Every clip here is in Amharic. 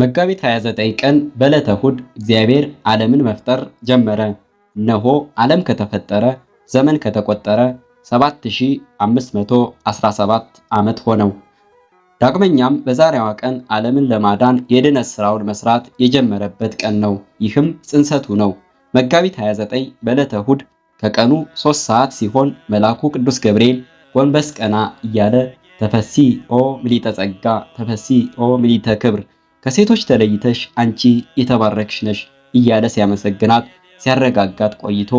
መጋቢት 29 ቀን በዕለተ እሁድ እግዚአብሔር ዓለምን መፍጠር ጀመረ። እነሆ ዓለም ከተፈጠረ ዘመን ከተቆጠረ 7517 ዓመት ሆነው። ዳግመኛም በዛሬዋ ቀን ዓለምን ለማዳን የድነት ሥራውን መስራት የጀመረበት ቀን ነው። ይህም ጽንሰቱ ነው። መጋቢት 29 በዕለተ እሁድ ከቀኑ 3 ሰዓት ሲሆን መልአኩ ቅዱስ ገብርኤል ጎንበስ ቀና እያለ ተፈሲ ኦ ምሊተ ጸጋ ተፈሲ ኦ ምሊተ ክብር ከሴቶች ተለይተሽ አንቺ የተባረክሽ ነሽ እያለ ሲያመሰግናት ሲያረጋጋት ቆይቶ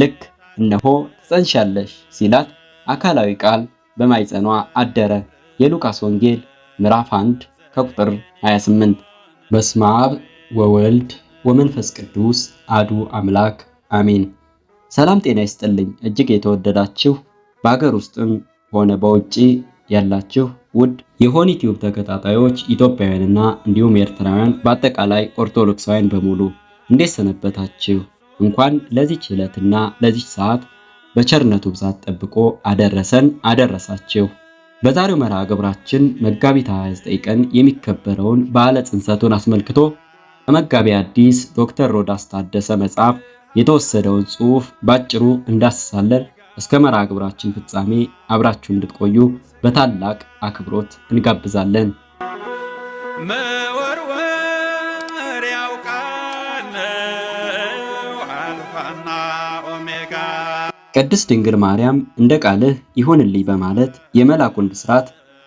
ልክ እነሆ ትጸንሻለሽ ሲላት አካላዊ ቃል በማይጸኗ አደረ። የሉቃስ ወንጌል ምዕራፍ 1 ከቁጥር 28። በስመ አብ ወወልድ ወመንፈስ ቅዱስ አዱ አምላክ አሜን። ሰላም ጤና ይስጥልኝ። እጅግ የተወደዳችሁ በአገር ውስጥም ሆነ በውጪ ያላችሁ ውድ የሆን ቲዩብ ተከታታዮች ኢትዮጵያውያንና እንዲሁም ኤርትራውያን በአጠቃላይ ኦርቶዶክሳውያን በሙሉ እንዴት ሰነበታችሁ? እንኳን ለዚች ዕለትና ለዚች ሰዓት በቸርነቱ ብዛት ጠብቆ አደረሰን አደረሳችሁ። በዛሬው መርሃ ግብራችን መጋቢት 29 ቀን የሚከበረውን በዓለ ጽንሰቱን አስመልክቶ በመጋቢ አዲስ ዶክተር ሮዳስ ታደሰ መጽሐፍ የተወሰደውን ጽሑፍ ባጭሩ እንዳስሳለን። እስከ መርሃ ግብራችን ፍጻሜ አብራችሁ እንድትቆዩ በታላቅ አክብሮት እንጋብዛለን። መወርወር አልፋና ኦሜጋ ቅድስት ድንግል ማርያም እንደ ቃልህ ይሆንልኝ በማለት የመላኩን ብስራት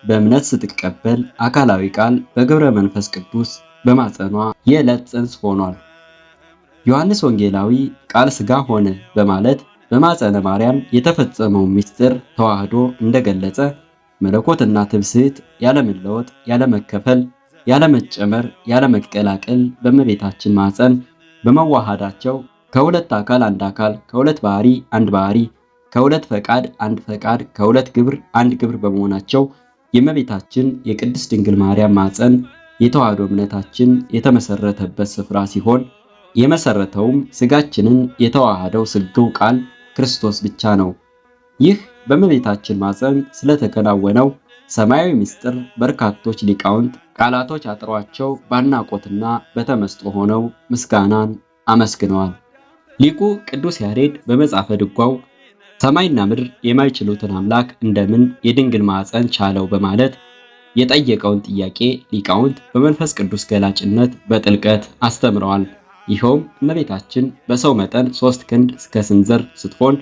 በእምነት ስትቀበል አካላዊ ቃል በግብረ መንፈስ ቅዱስ በማጸኗ የዕለት ጽንስ ሆኗል። ዮሐንስ ወንጌላዊ ቃል ሥጋ ሆነ በማለት በማፀነ ማርያም የተፈጸመው ምስጢር ተዋህዶ እንደገለጸ መለኮትና ትብስት ያለመለወጥ፣ ያለመከፈል፣ ያለመጨመር፣ ያለመቀላቀል በእመቤታችን ማፀን በመዋሃዳቸው ከሁለት አካል አንድ አካል፣ ከሁለት ባህሪ አንድ ባህሪ፣ ከሁለት ፈቃድ አንድ ፈቃድ፣ ከሁለት ግብር አንድ ግብር በመሆናቸው የእመቤታችን የቅድስት ድንግል ማርያም ማፀን የተዋህዶ እምነታችን የተመሰረተበት ስፍራ ሲሆን የመሰረተውም ስጋችንን የተዋሃደው ስግው ቃል ክርስቶስ ብቻ ነው። ይህ በእመቤታችን ማፀን ስለተከናወነው ሰማያዊ ምስጢር በርካቶች ሊቃውንት ቃላቶች አጥሯቸው ባድናቆትና በተመስጦ ሆነው ምስጋናን አመስግነዋል። ሊቁ ቅዱስ ያሬድ በመጽሐፈ ድጓው ሰማይና ምድር የማይችሉትን አምላክ እንደምን የድንግል ማፀን ቻለው በማለት የጠየቀውን ጥያቄ ሊቃውንት በመንፈስ ቅዱስ ገላጭነት በጥልቀት አስተምረዋል። ይኸውም እመቤታችን በሰው መጠን ሶስት ክንድ እስከ ስንዘር ስትሆን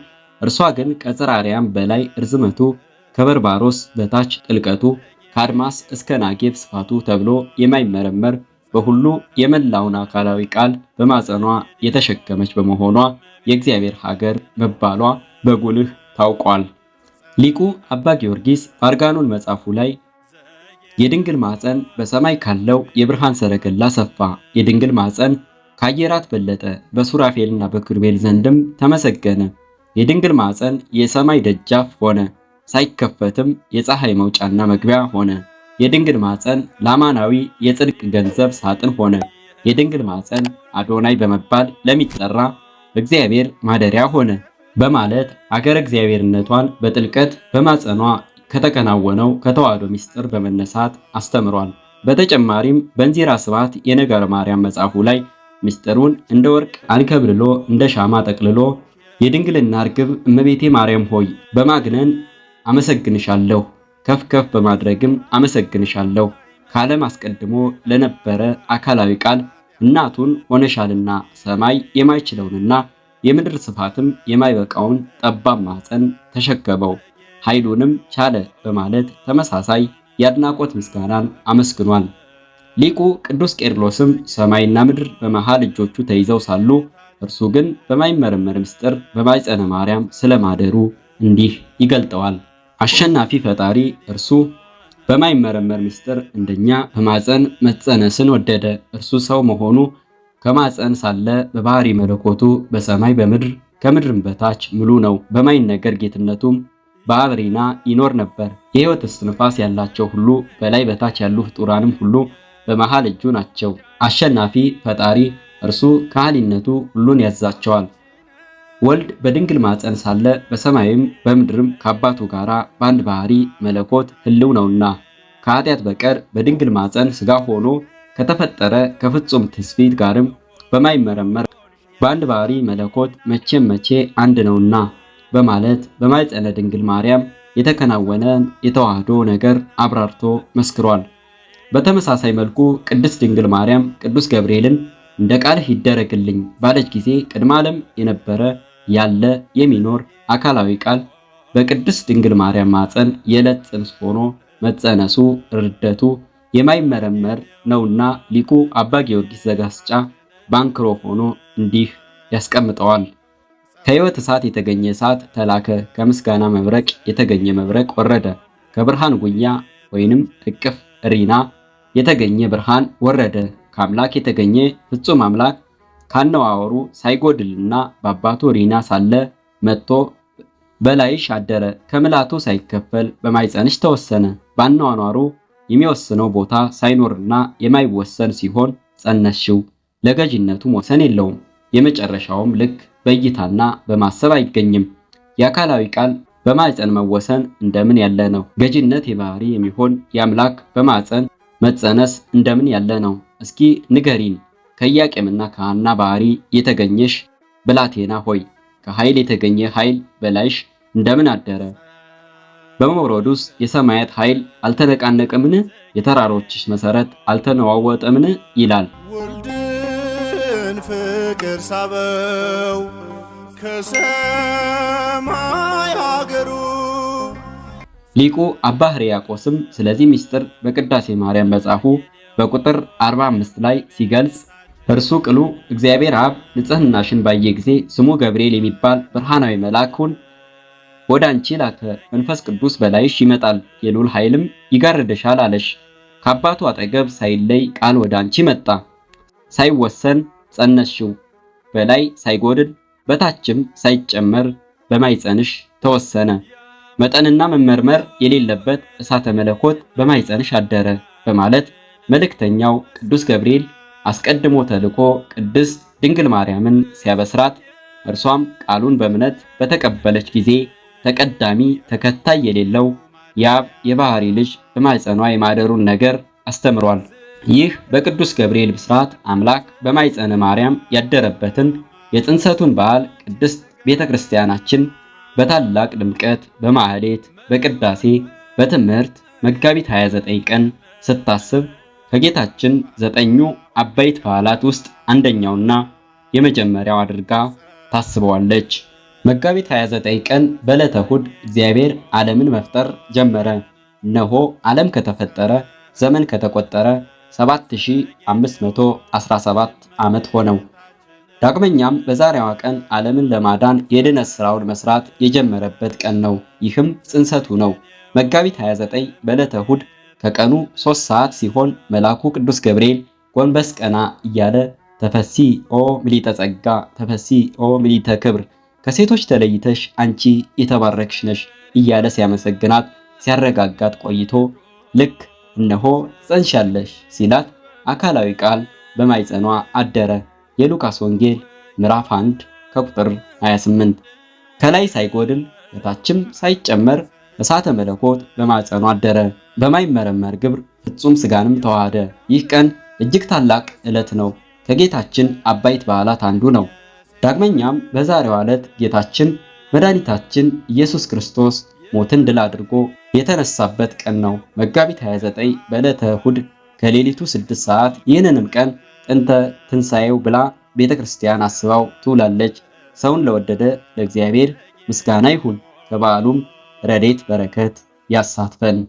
እርሷ ግን ከጽርሐ አርያም በላይ እርዝመቱ ከበርባሮስ በታች ጥልቀቱ ከአድማስ እስከ ናጌብ ስፋቱ ተብሎ የማይመረመር በሁሉ የመላውን አካላዊ ቃል በማጸኗ የተሸከመች በመሆኗ የእግዚአብሔር ሀገር መባሏ በጉልህ ታውቋል። ሊቁ አባ ጊዮርጊስ አርጋኑን መጽሐፉ ላይ የድንግል ማፀን በሰማይ ካለው የብርሃን ሰረገላ ሰፋ፣ የድንግል ማፀን ከአየራት በለጠ በሱራፌልና በክርቤል ዘንድም ተመሰገነ። የድንግል ማዕፀን የሰማይ ደጃፍ ሆነ፣ ሳይከፈትም የፀሐይ መውጫና መግቢያ ሆነ። የድንግል ማዕፀን ለአማናዊ የጽድቅ ገንዘብ ሳጥን ሆነ። የድንግል ማዕፀን አዶናይ በመባል ለሚጠራ እግዚአብሔር ማደሪያ ሆነ በማለት አገረ እግዚአብሔርነቷን በጥልቀት በማፀኗ ከተከናወነው ከተዋህዶ ምስጢር በመነሳት አስተምሯል። በተጨማሪም በእንዚራ ስብሐት የነገረ ማርያም መጽሐፉ ላይ ምስጢሩን እንደ ወርቅ አንከብልሎ እንደ ሻማ ጠቅልሎ የድንግልና እርግብ እመቤቴ ማርያም ሆይ በማግነን አመሰግንሻለሁ፣ ከፍ ከፍ በማድረግም አመሰግንሻለሁ። ከዓለም አስቀድሞ ለነበረ አካላዊ ቃል እናቱን ሆነሻልና ሰማይ የማይችለውንና የምድር ስፋትም የማይበቃውን ጠባብ ማኅፀን ተሸከመው ኃይሉንም ቻለ በማለት ተመሳሳይ የአድናቆት ምስጋናን አመስግኗል። ሊቁ ቅዱስ ቄርሎስም ሰማይና ምድር በመሃል እጆቹ ተይዘው ሳሉ እርሱ ግን በማይመረመር ምስጢር በማይጸነ ማርያም ስለማደሩ እንዲህ ይገልጠዋል። አሸናፊ ፈጣሪ እርሱ በማይመረመር ምስጢር እንደኛ በማፀን መጸነስን ወደደ። እርሱ ሰው መሆኑ ከማፀን ሳለ በባህሪ መለኮቱ በሰማይ በምድር ከምድርም በታች ምሉ ነው። በማይነገር ጌትነቱም በአብሪና ይኖር ነበር። የሕይወት እስትንፋስ ያላቸው ሁሉ በላይ በታች ያሉ ፍጡራንም ሁሉ በመሃል እጁ ናቸው። አሸናፊ ፈጣሪ እርሱ ከሃሊነቱ ሁሉን ያዛቸዋል። ወልድ በድንግል ማፀን ሳለ በሰማይም በምድርም ከአባቱ ጋራ በአንድ ባህሪ መለኮት ህልው ነውና ከኃጢአት በቀር በድንግል ማፀን ስጋ ሆኖ ከተፈጠረ ከፍጹም ትስፊት ጋርም በማይመረመር በአንድ ባህሪ መለኮት መቼም መቼ አንድ ነውና በማለት በማይጸነ ድንግል ማርያም የተከናወነን የተዋህዶ ነገር አብራርቶ መስክሯል። በተመሳሳይ መልኩ ቅድስት ድንግል ማርያም ቅዱስ ገብርኤልን እንደ ቃልህ ይደረግልኝ ባለች ጊዜ ቅድመ ዓለም የነበረ ያለ የሚኖር አካላዊ ቃል በቅድስት ድንግል ማርያም ማፀን የዕለት ጽንስ ሆኖ መጸነሱ ርደቱ የማይመረመር ነውና ሊቁ አባ ጊዮርጊስ ዘጋስጫ ባንክሮ ሆኖ እንዲህ ያስቀምጠዋል። ከሕይወት እሳት የተገኘ እሳት ተላከ፣ ከምስጋና መብረቅ የተገኘ መብረቅ ወረደ፣ ከብርሃን ጉያ ወይንም እቅፍ ሪና የተገኘ ብርሃን ወረደ። ከአምላክ የተገኘ ፍጹም አምላክ ካነዋወሩ ሳይጎድልና በአባቱ ሪና ሳለ መጥቶ በላይሽ አደረ። ከምላቱ ሳይከፈል በማይፀንሽ ተወሰነ። ባኗኗሩ የሚወስነው ቦታ ሳይኖርና የማይወሰን ሲሆን ጸነሽው። ለገዥነቱ ወሰን የለውም። የመጨረሻውም ልክ በእይታና በማሰብ አይገኝም። የአካላዊ ቃል በማዕፀን መወሰን እንደምን ያለ ነው! ገዥነት የባህሪ የሚሆን የአምላክ በማዕፀን መጸነስ እንደምን ያለ ነው? እስኪ ንገሪን። ከኢያቄምና ከሐና ባህሪ የተገኘሽ ብላቴና ሆይ ከኃይል የተገኘ ኃይል በላይሽ እንደምን አደረ? በመውረዱስ የሰማያት ኃይል አልተነቃነቀምን? የተራሮችሽ መሰረት አልተነዋወጠምን? ይላል። ወልድን ፍቅር ሳበው ከሰማ ሊቁ አባ ሕርያቆስም ስለዚህ ምስጢር በቅዳሴ ማርያም መጽሐፉ በቁጥር 45 ላይ ሲገልጽ እርሱ ቅሉ እግዚአብሔር አብ ንጽህናሽን ባየ ጊዜ ስሙ ገብርኤል የሚባል ብርሃናዊ መልአኩን ወደ አንቺ ላከ፣ መንፈስ ቅዱስ በላይሽ ይመጣል፣ የልዑል ኃይልም ይጋርድሻል አለሽ። ከአባቱ አጠገብ ሳይለይ ቃል ወደ አንቺ መጣ፣ ሳይወሰን ጸነስሽው፣ በላይ ሳይጎድል በታችም ሳይጨመር በማይጸንሽ ተወሰነ። መጠንና መመርመር የሌለበት እሳተ መለኮት በማኅፀንሽ አደረ በማለት መልእክተኛው ቅዱስ ገብርኤል አስቀድሞ ተልኮ ቅድስት ድንግል ማርያምን ሲያበስራት እርሷም ቃሉን በእምነት በተቀበለች ጊዜ ተቀዳሚ ተከታይ የሌለው የአብ የባህሪ ልጅ በማይጸኗ የማደሩን ነገር አስተምሯል። ይህ በቅዱስ ገብርኤል ብስራት አምላክ በማይጸነ ማርያም ያደረበትን የጥንሰቱን በዓል ቅድስት ቤተ ክርስቲያናችን በታላቅ ድምቀት በማህሌት በቅዳሴ በትምህርት መጋቢት 29 ቀን ስታስብ ከጌታችን ዘጠኙ አበይት በዓላት ውስጥ አንደኛውና የመጀመሪያው አድርጋ ታስበዋለች። መጋቢት 29 ቀን በዕለተ ሁድ እግዚአብሔር ዓለምን መፍጠር ጀመረ። እነሆ ዓለም ከተፈጠረ ዘመን ከተቆጠረ 7517 ዓመት ሆነው። ዳግመኛም በዛሬዋ ቀን ዓለምን ለማዳን የድነት ሥራውን መስራት የጀመረበት ቀን ነው። ይህም ጽንሰቱ ነው። መጋቢት 29 በዕለተ እሑድ ከቀኑ 3 ሰዓት ሲሆን መልአኩ ቅዱስ ገብርኤል ጎንበስ ቀና እያለ ተፈሲ ኦ ምሊተ ጸጋ ተፈሲ ኦ ምሊተ ክብር ከሴቶች ተለይተሽ አንቺ የተባረክሽ ነሽ እያለ ሲያመሰግናት ሲያረጋጋት ቆይቶ ልክ እነሆ ጸንሻለሽ ሲላት አካላዊ ቃል በማይጸኗ አደረ። የሉቃስ ወንጌል ምዕራፍ 1 ከቁጥር 28። ከላይ ሳይጎድል በታችም ሳይጨመር እሳተ መለኮት በማጸኑ አደረ፣ በማይመረመር ግብር ፍጹም ስጋንም ተዋሃደ። ይህ ቀን እጅግ ታላቅ ዕለት ነው። ከጌታችን አባይት በዓላት አንዱ ነው። ዳግመኛም በዛሬው ዕለት ጌታችን መድኃኒታችን ኢየሱስ ክርስቶስ ሞትን ድል አድርጎ የተነሳበት ቀን ነው። መጋቢት 29 በዕለተ እሁድ ከሌሊቱ 6 ሰዓት ይህንንም ቀን ጥንተ ትንሣኤው ብላ ቤተ ክርስቲያን አስባው ትውላለች። ሰውን ለወደደ ለእግዚአብሔር ምስጋና ይሁን። ከበዓሉም ረዴት በረከት ያሳትፈን።